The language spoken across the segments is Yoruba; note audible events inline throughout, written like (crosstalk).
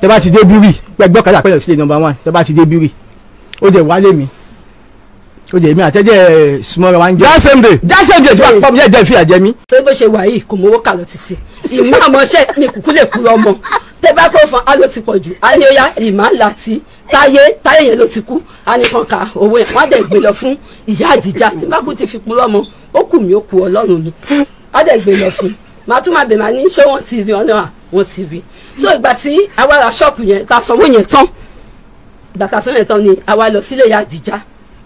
tẹ bá ti dé bíwì gbẹgbẹ ọkadà pẹlẹ sílé nọ́mbà one tẹ bá ti dé bíwì ó dẹ wálé mi ó dẹ mi àtẹjẹ sumọra wa ń jẹ. that same day. that same day tí wàá pọ̀ mi yẹ jẹ́ ìfìyà jẹ mí. pé bó ṣe wà yìí kò mówó kà lọ títí ìmọ̀ àmọ́ṣẹ́ mi kúkú lè kú ọmọ tẹ bá kó fún alo ti pọ̀ jù aléyá ìmọ̀ láti táyé táyé yẹn ló ti kú anìkan ka owó yẹn wọ́n dẹ̀ gbé lọ fún ìyá àdìjà tí bá kú ti fi kú ọmọ ó kù mí ó kù ọlọ́run mi wọ́n dẹ̀ gbé lọ fún màá ní ṣé wọ́n ti rí ọ náà wọ́n ti rí so ìgbà tí àwa ra ṣọ́ọ̀pù yẹn ta sanwó yẹn tán ìgbà ta sanwó yẹn tán ni àwa lọ sílé ya àdìjá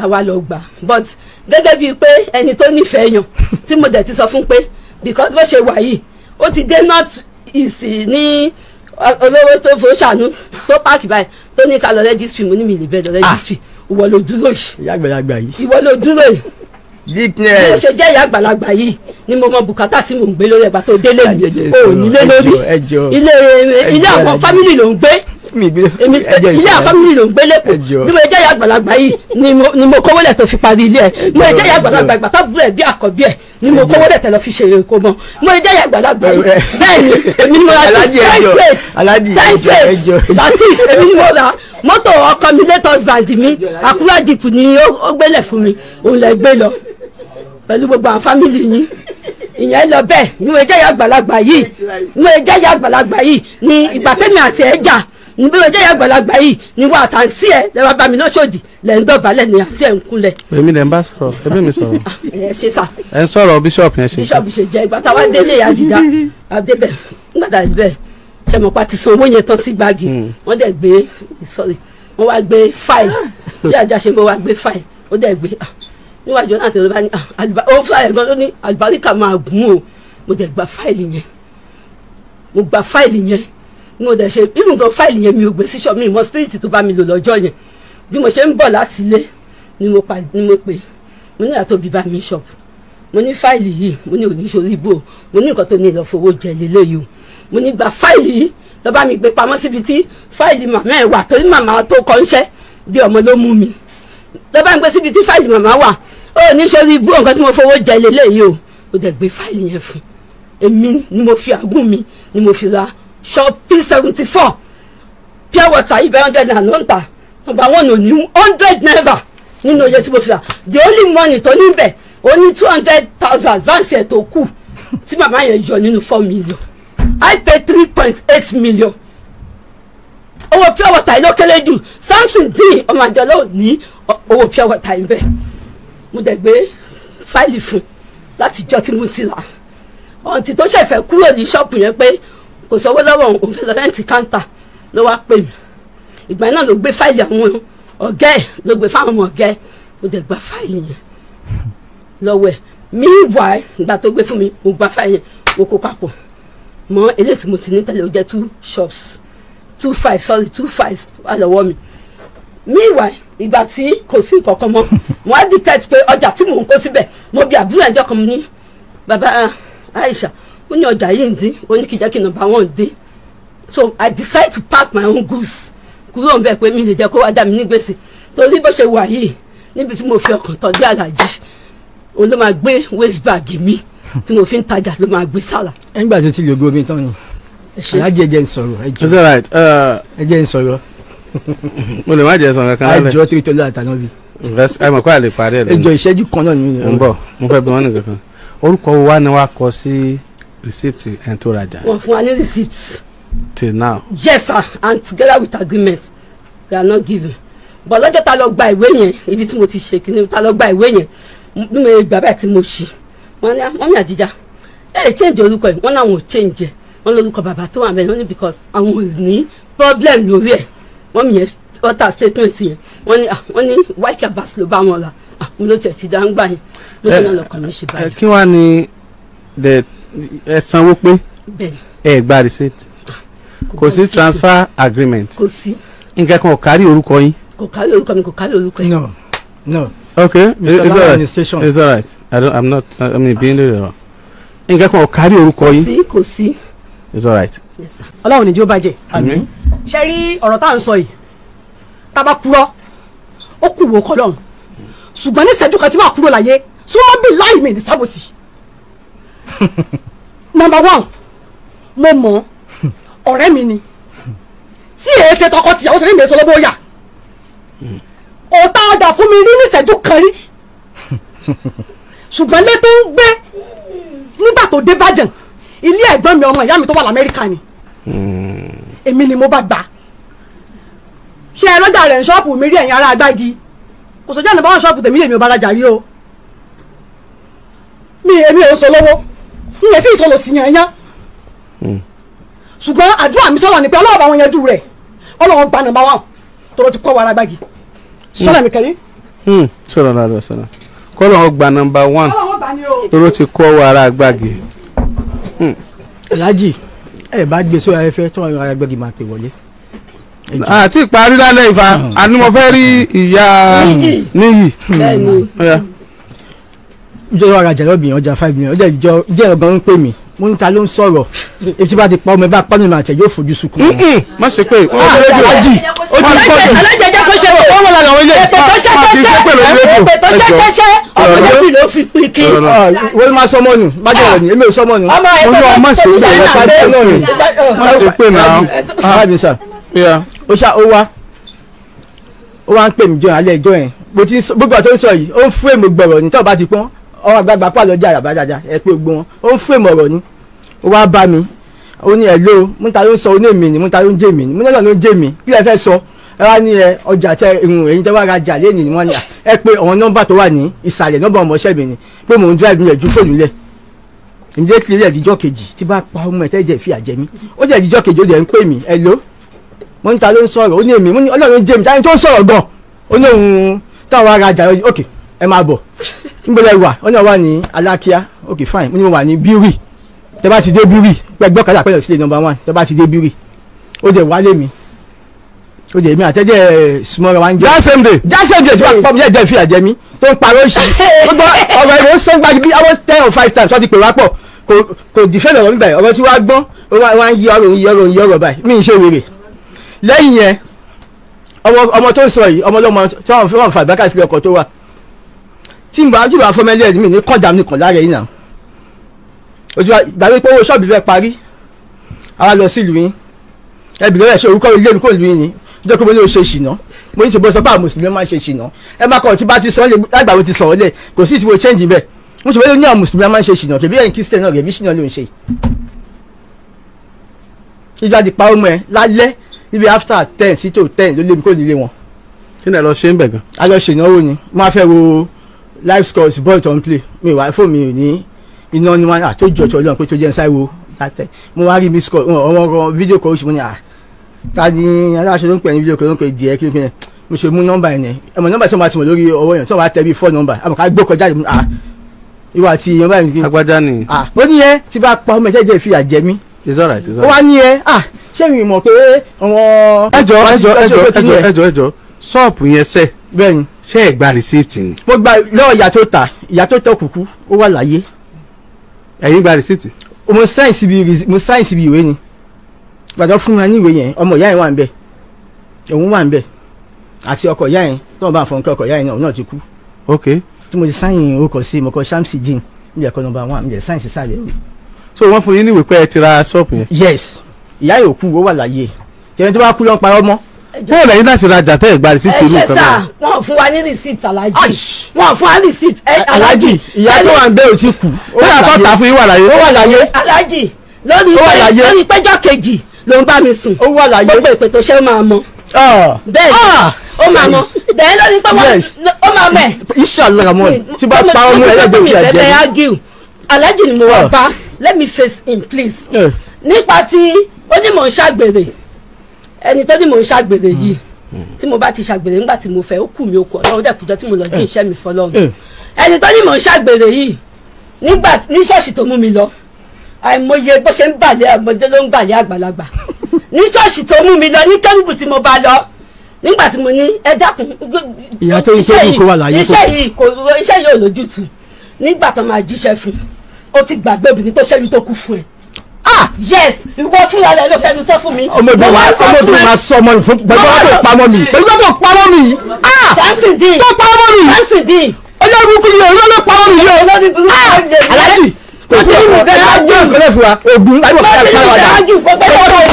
àwa lọ gbà but gẹ́gẹ́ bíi pé ẹni tó nífẹ̀ẹ́ yàn tí mo dẹ̀ ti sọ fún pé because bó ṣe wà yìí ó ti dé north east ní olówó tó fò ṣàánú tó páàkì báyìí tó ní ká lọ registry mo ní mi lè bẹ́ẹ̀ lọ registry ah. ìwọ ló dúró yìí ìwọ ló dúró yìí weakness. bí o ṣe jẹ́ ìyá àgbàlagbà yìí ni mo mọ bùkátà tí mò ń gbé lórí ẹgbà tó délé mi o nílé lórí ilé eh, ilé àwọn fámìlì ló ń gbé ilé àwọn fámìlì ló ń gbé lẹ́kọ̀ọ́ bí mo jẹ́ ìyá àgbàlagbà yìí ni mo kówó lẹ̀ fi parí ilé ẹ̀ bí mo jẹ́ ìyá àgbàlagbà ìgbà tó bú ẹ̀ bí àkọ́bí ẹ̀ ni mo kówó lẹ̀ lọ fi ṣe èrè kó mọ́ mo jẹ́ ìyá àgbàlagbà yìí bẹ́ẹ̀ èmi ni mo ra ten mọ́tò ọkọ mi late husband mi àkúrà jìpù ni ó gbélé fún mi òun lẹ gbé lọ pẹ̀lú gbogbo àwọn fámìlì yín ìyẹn lọ bẹ́ẹ̀ ní wọ́n jẹ́yà àgbàlagbà yìí ní wọ́n jẹ́yà àgbàlagbà yìí ní ìgbà tẹ́mi àti ẹ̀ jà ní bí wọ́n jẹ́yà àgbàlagbà yìí ní wọ́n àtàntí ẹ̀ lẹ́wọ́ bá mi náà ṣòdì lẹ́ ń dọ̀bálẹ̀ ní àti ẹ̀ ń kúnlẹ̀. èmi lè ń bá sọ̀rọ̀ ẹbí mi sọ̀rọ̀. Ah, ẹ ń sọ̀rọ̀ bíṣọ̀pù yẹn ṣe. bíṣọ̀pù ṣe jẹ́ ìgbà hmm. sorry wọ́n wá gbé fáìlì bí àjàṣe mo wá gbé fáìlì ó níwájú jonathan ló bá ní ah, ó fúláyà gan ló ní àlùbáríkà máa gùn o mo dẹ̀ gba fáìlì yẹn mo gba fáìlì yẹn mo dẹ̀ ṣe irú nǹkan fáìlì yẹn mi ò gbé sí ṣọ́ọ̀bù mi mọ spirit tó bá mi lò lọ́jọ́ yẹn bí mo ṣe ń bọ̀ láti ilé ni mo pa ni mo pè mo ní àtò bíbá mi ṣọ́ọ̀bù mo ní fáìlì yìí mo ní oníṣòrí ibò mo ní nǹkan tó ní ìlọ́fowó jẹ lélẹ́yìí o mo ní gba fáìlì yìí lọ́ bá mi gbé pamọ́ síbi tí fáìlì màmá ẹ̀ wà torí màmá tó kọ́ ń bí ọmọ ló mú mi lọ́ bá mi gbé síbi tí fáìlì màmá wà ó ní sọ́ni ibú nǹkan tí mo fowó jẹ lélẹ́yìí o ó dẹ̀ gbé fáìlì yẹn fún èmi ni mo fi àgùn mi ni mo fi ra shop p seventy four pure water ibẹ̀ hundred and one ń tà ọba wọn ò ní hundred naira nínú oye tí mo fi rà the only money tó níbẹ̀ ó ní two hundred thousand advance ẹ̀ tó kù tí màmá yẹn yọ nínú four million i pay three point eight million owó pure water ló kéré jù samson dín ọmọ àjọlọ́ ò ní owó pure water ń bẹ̀ mo dẹ̀ gbé fáìlì fún láti jọ tí mo ti rà ọ̀ǹtì tó ṣẹ̀fẹ̀ kúrò ní ṣọ́ọ̀pù yẹn pé kò sówó lọ́wọ́ òun fẹ́ lọ rẹ́ǹtì káńtà ló wá pè mí ìgbà náà ló gbé fáìlì àwọn ọ̀gá ẹ̀ ló gbé fáwọn ọmọ ọ̀gá ẹ̀ mo dẹ̀ gba fáìlì yẹn lọ́wọ́ ẹ̀ mí wà ẹ̀ ìgbà tó gbé fún mi mo gba fáìlì yẹn mo kó papọ̀ mọ eléyìí tí mo ti ní tẹ́lẹ̀ ó jẹ́ two shops two five sorry two five wà mi mí wà ẹ̀ ìgbà tí kò sí ìkọ̀kan mọ́ wọ́n á detect pé ọjà tí mò ń kó síbẹ̀ mo bí àbúrò ẹ̀jọ̀ kan ní bàbá ah, Aisha ó ní ọjà yìí ń dín ó ní kìjẹ́ kí nọ́mbà wọn dín so I decide to pack my own goods kúrò ń bẹ̀ pé mi lè jẹ́ kó wá dá mi ní gbèsè torí bó ṣe wà yìí níbi tí mo fi ọkàn tọ́jú àlàjì òun ló máa gbé waste bag mi tí mo fi ń tajà ló máa gbé sálà. ẹgbàá tó ti lè gbóbi tán ni alájẹ jẹ ń sọ̀rọ̀ ẹ ń uh, sọ̀rọ̀ mo lè má jẹ sàn kankan lálẹ́. àjọ tí tọ́lú àtàná bi. ẹ mọ̀ kó a lè parí ẹ̀ lónìí. ẹjọ ìṣẹ́jú kan náà ni. n bọ̀ mo fẹ́ bí wọ́n nìkan kan orúkọ wo wá ni wàá kọ sí receipt ẹni tó rajà. wọ́n fún wa ní receipt. till now. yes sir and together with agreement we are not giving but lọ́jọ́ ta lọ gba ìwé yẹn ibi tí mo ti ṣe kìnìún ta lọ gba ìwé yẹn bí mo gbà bẹ́ẹ̀ tí mo ṣe wọ́n ní wọ́n mi àjíjà ẹ̀ ẹ̀ change orúkọ yìí wọ́n náà wọ́n change ẹ̀ wọ́n lórúkọ bàbá tó wà bẹ́ẹ̀ wọ́n because àwọn ò ní problem lórí ẹ̀ wọ́n mi yẹn ọ̀tà statement yẹn wọ́n ní ah, wọ́n ní white cabas ló bá wọn la ah, mo ló tiẹ̀ ti dá ń gbà yẹn ló ní ọlọ́kàn mi ṣe báyìí. kí wàá ní ẹ sanwó pé ẹ gba receipt ah, kò sí transfer agreement kò sí nǹkan kan ò kárí orúkọ yín. kò kárí orúkọ mi kò kárí orúkọ yín. no no. okay it's all right it's all right i don't i'm not i mean being there. nǹkan kan ò kárí orúkọ yín. kò sí kò sí it's alright. ọlọ́run ni jí ó bàjẹ́ ṣe rí ọ̀rọ̀ tá à ń sọ yìí tá a bá kúrò ó kù wò kọlọ́run ṣùgbọ́n ní ìṣẹ́jú kan tí wàá kúrò láyé súnmọ́ bí láì ní sábòsì. (laughs) number one mo mọ̀ ọ̀rẹ́ mi ni tí èé ṣe tọkọ-tìyàwó tẹ̀lé mi èso lọ́wọ́ yà ọ̀tá ọ̀dà fún mi rí ní ìṣẹ́jú kan rí (laughs) ṣùgbọ́n lẹ́tọ́ ń gbé nígbà tó dé bàjẹ́ ilé ẹ̀gbọ́n mi ọmọ ìyá mi tó wà lamẹ́ríkà ni èmi ni mo bá gbà ṣe ẹ lọ́jà rẹ̀ ń ṣọ́ọ̀pù mi rí ẹ̀yìn ara agbági kò sọ́jà ní báwọn ṣọ́ọ̀pù tèmi lèmi ò bá rajà rí o mi èmi ò sọ lọ́wọ́ ìyẹn sì sọ lọ sí yẹn yán ṣùgbọ́n àdúrà mi sọ̀rọ̀ ni pé ọlọ́wọ́ bá wọn yanjú rẹ̀ ọlọ́wọ́ gba nàmbá wọn tọrọ ti kọ́ wa ara agbági sọ́lá mi kẹ́rin. Hmm, sọ̀rọ̀ náà lọ sọ̀rọ̀ kọ́lọ́wọ́ gba nàmbá wọn tọrọ ti kọ́ wa ara agbági. Alhaji ẹ bá gbé sórí afẹ́fẹ́ tí wọ́n yọ ayẹgbẹ́gi máa pè wọlé. àti ìparí lálẹ́ ìfà ànumọ̀fẹ́ hmm. rí ìyá níyì. ìjọba ara jẹ̀rọ̀ bìyànjú ọjà five million ọjà ìjọ ìjẹ́ ọ̀gán ń pè mí mo ní ta ló ń sọ̀rọ̀ etí bá ti pa ọmọ ẹ bá pa nínú àtẹ yóò fojú sunkún. má ṣe pé o ah, ti rédíò ajì o ti sọ jù alájẹjẹ kó ṣe wọn wọn làwọn ilé èpè tó ṣẹṣẹṣẹ èpè tó ṣẹṣẹṣẹ ọmọ méjì ló fi pin kí. wọ́n ah, máa sọmọ nù bájọ́ rẹ̀ ni èmi ò sọmọ nù. ọmọ ẹ̀ tó má ṣe pé náà má ṣe pé náà. Ah, ó ṣá ó wá ó wá ń pè mí jọ alẹ́ ìjọ yẹn gbogbo àti ó ń sọ yìí ó ń fún èmi gbọ̀rọ̀ ní tí ọba ti pọ́n ọwọ́ àgbààgbà pàlọ́ jà àbájájá ẹ pé gbọ́n ó ń fún ìmọ̀ràn ni ó wá bá mi ó ní ẹ̀ ló mú ta ló ń sọ ó ní èmi ni mú ta ló ń jẹ́ èmi ni mú lọ́nà ló ń jẹ́ èmi kí lẹ fẹ́ sọ ẹ wá ní ẹ ọjà tẹ ìrùn èyí tẹ wá ra jà lẹ́yìn ni wọ́n ní ẹ pé àwọn nọ́mbà tó wà ní ìsàlẹ̀ nọ́mbà ọmọọṣẹ́ mi ni pé mò ń drive mi ẹ̀ ju fóònù lẹ̀ ǹjẹ́ ti rí ẹ̀díjọ́ kejì tí bá pa ọmọ ẹ̀ tẹ́jẹ̀ fi àjẹ́ mi ó jẹ́ ẹ̀díjọ́ kejì ó jẹ́ ń pè mí ẹ ló mo ń ta ló ń sọ̀rọ̀ ó ní èmi mo ní ọlọ́run jẹ́ mi táyé tó ń sọ̀rọ̀ gan-an ó ní òun táwọn ará jà ok ẹ máa bọ̀ nígbàlẹ̀ ìwà wọ́n ní wà ní alákíá ok fine mo ní mo wà ní bíúrì tẹ bá ti dé bíúrì pẹ gbọ́ kàdà pẹ̀lú sílẹ̀ number one tẹ bá ti dé bíúrì ó jẹ wálé mi ó jẹ mi àtẹ́jẹ́ sumọ́ra wa ń jẹ. jásẹ̀ ǹdè jásẹ̀ ǹdè tí wàá pọ̀ jẹ́ ìfìyà jẹ mí tó ń parọ́ ìṣe (laughs) gbogbo ọ̀rọ̀ ìwé sọ́gbà I was ten or five times wọ́n ti pè wá pọ̀ kò dìfẹ́lẹ̀ ọ̀rọ̀ nígbà yìí ọ̀rọ̀ tí wàá gbọ́n wọ́n á yí ọ̀rọ̀ yí ọ̀rọ̀ yí ọ̀rọ̀ báyìí mí ń ṣe wèrè lẹ́yìn yẹn ọmọ tó ń sọ yìí ọmọ ọlọ́mọ tí wọ́n fà bákàtí lọ́kọ̀ tó wà tí n bá tí n bá fọmọ ẹlẹ́yìn mi ní kọjá mi kàn lára yìí náà ojú ìgbàgbé pé owó ṣọ́ọ̀bù fẹ́ parí àwa lọ sí ìlú yín ẹbí lọ́rẹ̀ ṣe orúkọ ilé mi kò yín ni jẹ́ kó mo ní o ṣe ìṣìná mo ní ṣèbọ̀ sọ pé àwọn mùsùlùmí máa ń ṣe ìṣìná ẹ má kọ́ ọtí bá ti sọ ọ́ lé lágbàwé ti sọ̀rọ̀ lẹ̀ kò sí ìtìwọ́ change bẹ́ẹ̀ mo ṣe wẹ́lẹ́ ní àwọn mùsùlùmí máa ń ṣe ìṣìná kẹ̀bí ẹ̀yìn kristian náà rẹ̀bí ìṣìná ló ń after ten sí tó ten ló lé mi kó nílé wọn. kí ni ẹ lọ ṣe ń bẹ̀ gan. a lọ ṣèlú náà life scores ball tó ń play mi wá fóònù mi ní iná ni wọn àtòjọ tó lọ pé tó jẹ́ ṣáìwò látẹ̀ mo wá rí miss call ọmọ ọkọ fídíò kọ́ oṣù mo ní à ah, ta ni aláṣọ ló ń pè ní fídíò kọ́ ló ń pè díẹ̀ kí n pè ní mo ṣe mú nọ́mbà yẹn ẹ mọ̀ nọ́mbà tí wọ́n bá ti mọ̀ lórí ọwọ́ yẹn tí wọ́n bá tẹ bí fọ́ nọ́mbà àmọ́ ká gbó kọjá yìí à ah, ìwà àti ìyẹn báyìí ní. agbájá ni. à ah, ó ní yẹn ti bá pa ọmọ ìṣẹ́jẹ́ ìfìyà jẹ mí. it's alright it's alright. ó wá ní yẹn à ṣé mi mọ̀ pé ọmọ. ẹjọ ẹjọ ẹjọ ẹjọ ẹjọ ṣọ́ọ̀pù yẹn sẹ́. bẹ́ẹ̀ni ṣé ẹ gba receipt ni. mo gba lọ́wọ́ ìyá tó ta ìyá tó tẹ òkùnkùn ó wà láyé. ẹ̀yin gba receipt. mo sáìn síbi mo sáìn síbi ìwé ni gbàdọ̀ fún wa ní ìwé yẹn ọmọ ìyá yẹn wà ń bẹ̀ òun wà ń bẹ̀ àti ọkọ ìyá yẹn tó ń bá fọnkẹ́ ọkọ ìyá yẹn náà ti kú. ok tí mo ti sáìn orúkọ sí mo kọ Shamsi Jean níbi ẹ̀kọ́ nọmba one níbi ẹ̀ sáìn sí sàlẹ̀ mi. so wọ́n fún yín ní ìwé pé ẹ ti ra ṣọ́ọ̀pù yẹn. yes ìyá yòókù ó wà láyé tẹ̀yìn tó bá kú lọ́n parọ́ mọ́ bóòlù ẹ̀yin láti rajà tẹ́ ẹ̀ gba receipt irú nǹkan náà. ẹ ṣe sá wọn fún wa ní receipt alájì wọn fún wa ní receipt alájì. ìyá tó wà ń bẹ́ẹ̀ ò ti kù ó yà tó ta fún yín wà láyé. ó wà láyé alájì lórí péjọ kejì ló ń bá mi sùn ó wà láyé gbogbo ìpè tó ṣe máa mọ. bẹ́ẹ̀ ó máa mọ ah. bẹ́ẹ̀ lórí pé ah. ó máa mẹ́. inshallah ramon tí bá pa ọmọ ẹlẹ́gbẹ̀ẹ́ fi àjẹ́ alájì ni mo wà ah. bá let me face him please eh. nípa tí ó ní mò ń ṣàgbèrè ẹni tó ní mò ń ṣàgbèrè hmm. yìí hmm. tí mo bá ti ṣàgbèrè nígbà tí mo fẹ́ ó kù mí okùn ọlọ́run dẹ̀ kùjọ tí mo lọ jí hmm. iṣẹ́ mi fọlọ́run ẹni tó ní mò ń ṣàgbèrè yìí nígbà ní ṣọ́ọ̀ṣì tó mú mi lọ àìmọye bó ṣe ń bàlẹ́ ọmọdé ló ń bàlẹ́ àgbàlagbà ní ṣọ́ọ̀ṣì tó mú mi lọ ní kẹ́rùbù tí mo bá lọ nígbà tí mo ní ẹ dákun iṣẹ́ yìí kò iṣẹ́ yìí ò lójútu nígbà tó máa jíṣẹ́ fún ó ti gbàgbé obìnrin tó ṣẹ́yìn tó kú fún ẹ ah yes ìwọ fúnra rẹ ló fẹnu sọ fún mi. ọmọ ìbọn wa ọmọ ìbọn wa sọ ọmọ ìfún pẹ̀lú ọmọ tó pamọ́ mi pẹ̀lú ọmọ tó pamọ́ mi ah samson di tó pamọ́ mi samson di ọlọ́run kúrò yẹn olóòlù pamọ́ mi yẹn ah aláàjì kò sí ìwọ bẹ́ẹ̀ bá jẹ ìfẹlẹ fún wa ogun láyé wọn kí wọn dá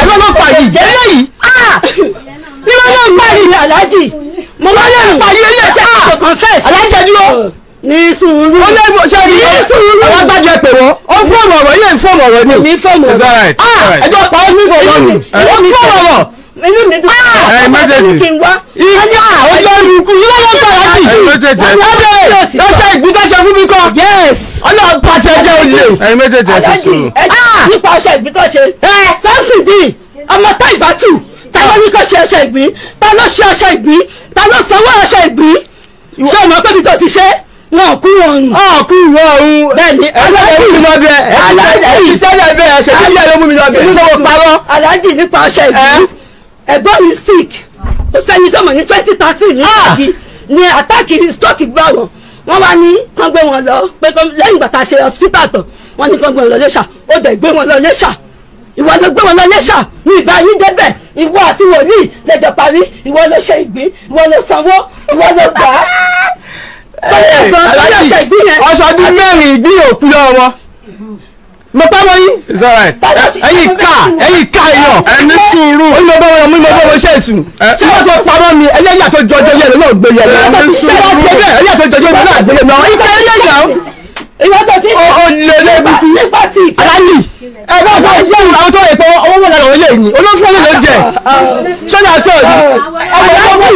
ọmọ náà pa yìí jẹ eléyìí ah ìwọ náà pa yìí aláàjì mo máa ń pa yìí eléyìí ah aláàjì ẹ dúró ní sùúrù. ó lébo ṣe ní sùúrù. àwọn agbájọ pè wọ́n. ó ń fọ́ọ̀mù ọ̀rọ̀ yìí ń fọ́ọ̀mù ọ̀rọ̀ ni. mi fọ́ọ̀mù ọ̀rọ̀. Ah, ẹjọ́ pa ó ní ìfọ̀rọ̀ ni. ó ń fọ́ọ̀mù ọ̀rọ̀. inú mi dùn. Ah! ẹ méjèèjì ìyá olórúkú yìí wọ́n gbà láti jù. ẹ lọ́sẹ̀ ìgbìtọ́ fún mi kọ́. yes. ọlọ́run pàṣẹ jẹ́ olè. ẹ méjèèjì ẹ sọ sùúrù. Ah! nípa ọṣẹ ìgbìtọ́ ṣe. ẹ sẹ́ńsìdì ọmọ táìbátù ta ló ní kó ṣe ìgbín ta ṣe ọṣẹ ìgbín ta sanwó ọṣẹ ìgbín ṣé o mọ̀ ti ṣe wọn kú ọrùn. ọ kú ọrùn. bẹ́ẹ̀ni aláàjì mi lọ bẹ aláàjì tẹ́lẹ̀ bẹ ẹsẹ tí ìyá yóò mú mi lọ bẹ ṣé mo parọ́. aláàjì nípa ọṣẹ yìí ẹ̀gbọ́n mi sick ó sẹ́ni sọmọ ní twenty thirteen ní ah! ìgbàgì ní àtàkì stroke gbà wọn wọn wá ní kán gbé wọn lọ pé lẹ́yìn ìgbà tá a ṣe hospital tán wọn ní kán gbé wọn lọ lẹṣà ó dẹ gbé wọn lọ lẹṣà ìwọ ló gbé wọn lọ lẹṣà ní ìgbà yín débẹ̀ ìwọ àti wòlíì lẹjọ parí ìwọ ló ṣe ìgbín ìwọ ló sanwó ìwọ ló gbà á ọ̀sọ̀dún mẹ́rin ìgbín òkú lọ́wọ́ wọn mo pa mọ yín. it's alright. ẹ̀yin ká ẹ̀yin ká yọ. ẹni sùúrù. ó lọ bọ́ wọn mú lọ bọ́ wọn ṣe èsù. tí wọ́n tó pamọ́ mi ẹlẹ́yà tó jọjọ yẹn lọ́wọ́ gbé yẹn lọ. ẹni sùúrù. ẹlẹ́yà tó jọjọ yẹn lọ́wọ́ gbé yẹn lọ. ìka ẹlẹ́yà o. ìwọ tó ti. o lè lè bí fi. nípa ti. aláàlì. ẹ bá a fọ iṣẹ́ ìlànà tó yẹ pé owó wọn làwọn yẹ yìí. olóńfọ́n ló jẹ. sọ́dà sọ́ọ̀dì. ọmọ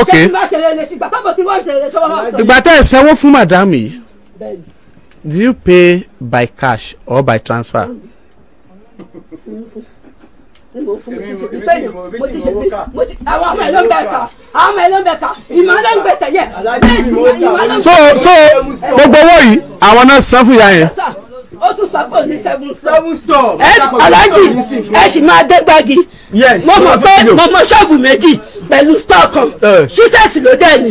ok ìgbà tẹ́ ẹ sanwó fún madam yìí do you pay by cash or by transfer. so so gbogbo owó yìí àwọn náà san fún ìyá yẹn ó tún sọ ní seven store. ẹ aláàjì ẹ sì máa dé gbági mo mọ̀ pé mo mọ̀ ṣọ́ọ̀bù méjì pẹ̀lú stọọ kan ṣúṣẹ́sì ló dẹ̀ ni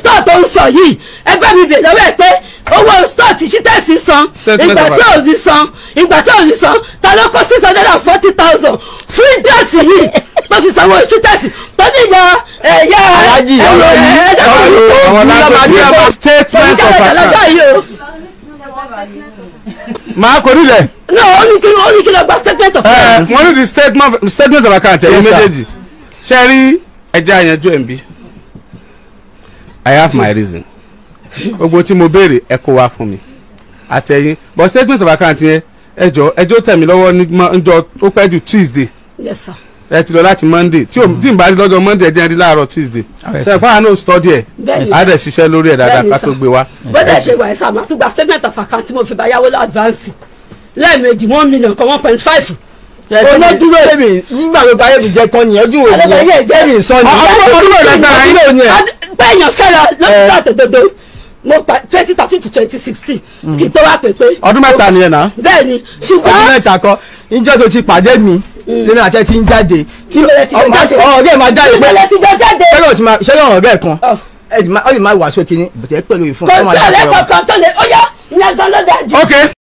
stọọ tó ń sọ yìí ẹgbẹ́ mi bèèrè lọ́wọ́ ẹ̀ pé owó stọọ tí ṣúṣẹ́sì san ìgbà tí ò ní san ìgbà tí ò ní san ta ló kó six hundred and forty thousand fún ìdẹ́ẹ̀tì yìí tó fi sanwó ṣúṣẹ́sì tó ní ìyá ẹ̀yà ẹ̀ẹ́dẹ́gbẹ̀rún statement of account máa kò nílẹ̀. náà ó ní kí ló gba statement of account. wọ́n ní di statement of account ẹ̀yin méjèèjì ṣe rí ẹja àyànjú ẹ̀ ń bí i have my reason gbogbo tí mo béèrè ẹ kó wá fún mi àtẹ̀yìn but statement of account yẹn ẹjọ́ ẹjọ́ tẹ̀ mí lọ́wọ́ níjọ́ ó pẹ́ ju tuesday yes sir ẹ ti lọ láti monday tí tí n bá di lọ́jọ́ monday ẹ̀jẹ̀ di láàárọ̀ tuesday ṣe pa àánú study ẹ̀ á dẹ̀ ṣiṣẹ́ lórí ẹ̀ dáadáa ká tó gbé wa. bọ́dà ṣe wà ẹ̀ sàmà tó gba statement of account tí mo fi bá yáwó lọ advance lẹ́ẹ̀mejì one million kan one point five olójúwé mi nígbà tó bá yẹ̀mí jẹ tán nìyẹn ojú òní yẹn jẹ́mi sọ ni. ọmọ ọdún mẹ́rin sára yín. bẹ́ẹ̀yàn fẹ́ lọ lọ́sítà tòdodo mo pa twenty thirteen to twenty sixteen kì í tó wá pépé. ọdún mẹ́ta nìyẹn náà. bẹ́ẹ̀ni ṣùgbọ́n ọdún mẹ́ta kọ́ níjọ́ tó ti pàdé mi lẹ́nu àti ti ń jáde. ọ̀rọ̀ yẹn máa jáde pé ṣẹlẹ̀ ọ̀rọ̀ bẹ́ẹ̀ kan ẹ lè má wàásù kínní bẹ̀tẹ̀ pẹ̀lú ìfún. kò sí ọ̀rẹ́ kankan tó lè ó yá ìyá gan ló dájú.